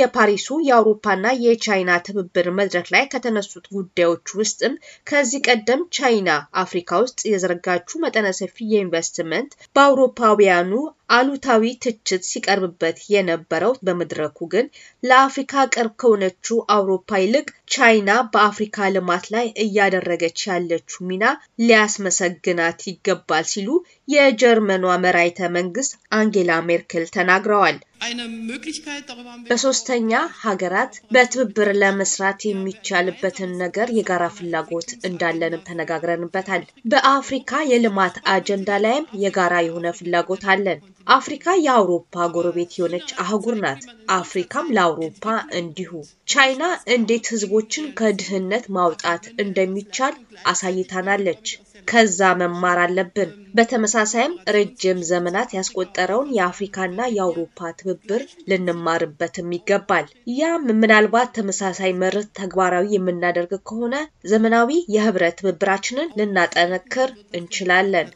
የፓሪሱ የአውሮፓና የቻይና ትብብር መድረክ ላይ ከተነሱት ጉዳዮች ውስጥም ከዚህ ቀደም ቻይና አፍሪካ ውስጥ የዘረጋችው መጠነ ሰፊ የኢንቨስትመንት በአውሮፓውያኑ አሉታዊ ትችት ሲቀርብበት የነበረው በመድረኩ ግን ለአፍሪካ ቅርብ ከሆነችው አውሮፓ ይልቅ ቻይና በአፍሪካ ልማት ላይ እያደረገች ያለችው ሚና ሊያስመሰግናት ይገባል ሲሉ የጀርመኗ መራይተ መንግስት አንጌላ ሜርክል ተናግረዋል። በሶስተኛ ሀገራት በትብብር ለመስራት የሚቻልበትን ነገር የጋራ ፍላጎት እንዳለንም ተነጋግረንበታል። በአፍሪካ የልማት አጀንዳ ላይም የጋራ የሆነ ፍላጎት አለን። አፍሪካ የአውሮፓ ጎረቤት የሆነች አህጉር ናት። አፍሪካም ለአውሮፓ እንዲሁ። ቻይና እንዴት ህዝቦችን ከድህነት ማውጣት እንደሚቻል አሳይታናለች። ከዛ መማር አለብን። በተመሳሳይም ረጅም ዘመናት ያስቆጠረውን የአፍሪካና የአውሮፓ ትብብር ልንማርበትም ይገባል። ያም ምናልባት ተመሳሳይ መርህ ተግባራዊ የምናደርግ ከሆነ ዘመናዊ የህብረት ትብብራችንን ልናጠነክር እንችላለን።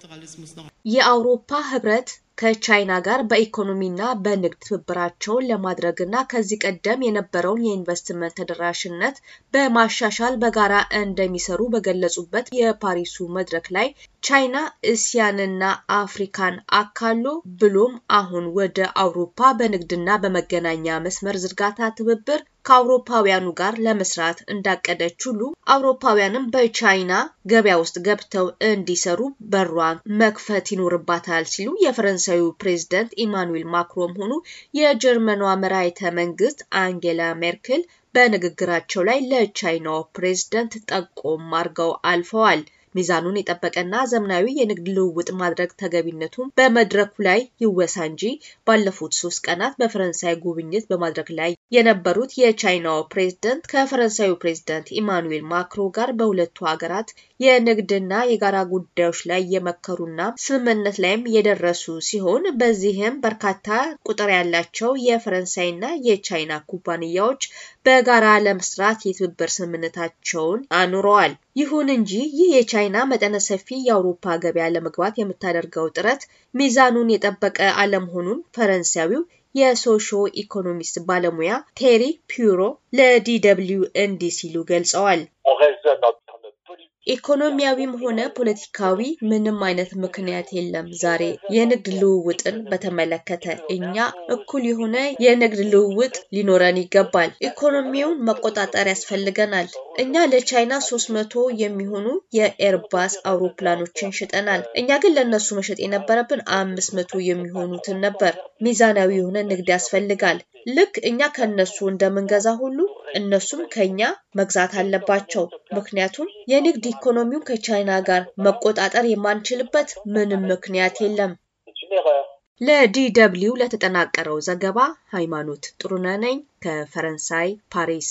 የአውሮፓ ህብረት ከቻይና ጋር በኢኮኖሚና በንግድ ትብብራቸውን ለማድረግና ከዚህ ቀደም የነበረውን የኢንቨስትመንት ተደራሽነት በማሻሻል በጋራ እንደሚሰሩ በገለጹበት የፓሪሱ መድረክ ላይ ቻይና እስያንና አፍሪካን አካሎ ብሎም አሁን ወደ አውሮፓ በንግድና በመገናኛ መስመር ዝርጋታ ትብብር ከአውሮፓውያኑ ጋር ለመስራት እንዳቀደች ሁሉ አውሮፓውያንም በቻይና ገበያ ውስጥ ገብተው እንዲሰሩ በሯን መክፈት ይኖርባታል ሲሉ የፈረንሳዩ ፕሬዝደንት ኢማኑዌል ማክሮም ሆኑ የጀርመኗ መራሒተ መንግስት አንጌላ ሜርክል በንግግራቸው ላይ ለቻይናው ፕሬዝደንት ጠቆም አድርገው አልፈዋል። ሚዛኑን የጠበቀና ዘመናዊ የንግድ ልውውጥ ማድረግ ተገቢነቱም በመድረኩ ላይ ይወሳ እንጂ ባለፉት ሶስት ቀናት በፈረንሳይ ጉብኝት በማድረግ ላይ የነበሩት የቻይናው ፕሬዝደንት ከፈረንሳዩ ፕሬዝደንት ኢማኑዌል ማክሮ ጋር በሁለቱ ሀገራት የንግድና የጋራ ጉዳዮች ላይ የመከሩና ስምምነት ላይም የደረሱ ሲሆን በዚህም በርካታ ቁጥር ያላቸው የፈረንሳይና የቻይና ኩባንያዎች በጋራ ለመስራት የትብብር ስምምነታቸውን አኑረዋል። ይሁን እንጂ ይህ የቻ ቻይና መጠነ ሰፊ የአውሮፓ ገበያ ለመግባት የምታደርገው ጥረት ሚዛኑን የጠበቀ አለመሆኑን ፈረንሳዊው የሶሾ ኢኮኖሚስት ባለሙያ ቴሪ ፒሮ ለዲደብሊው እንዲህ ሲሉ ገልጸዋል። ኢኮኖሚያዊም ሆነ ፖለቲካዊ ምንም አይነት ምክንያት የለም። ዛሬ የንግድ ልውውጥን በተመለከተ እኛ እኩል የሆነ የንግድ ልውውጥ ሊኖረን ይገባል። ኢኮኖሚውን መቆጣጠር ያስፈልገናል። እኛ ለቻይና መቶ የሚሆኑ የኤርባስ አውሮፕላኖችን ሽጠናል። እኛ ግን ለእነሱ መሸጥ የነበረብን መቶ የሚሆኑትን ነበር። ሚዛናዊ የሆነ ንግድ ያስፈልጋል። ልክ እኛ ከነሱ እንደምንገዛ ሁሉ እነሱም ከኛ መግዛት አለባቸው። ምክንያቱም የንግድ ኢኮኖሚው ከቻይና ጋር መቆጣጠር የማንችልበት ምንም ምክንያት የለም። ለዲደብሊው ለተጠናቀረው ዘገባ ሃይማኖት ጥሩነህ ነኝ ከፈረንሳይ ፓሪስ።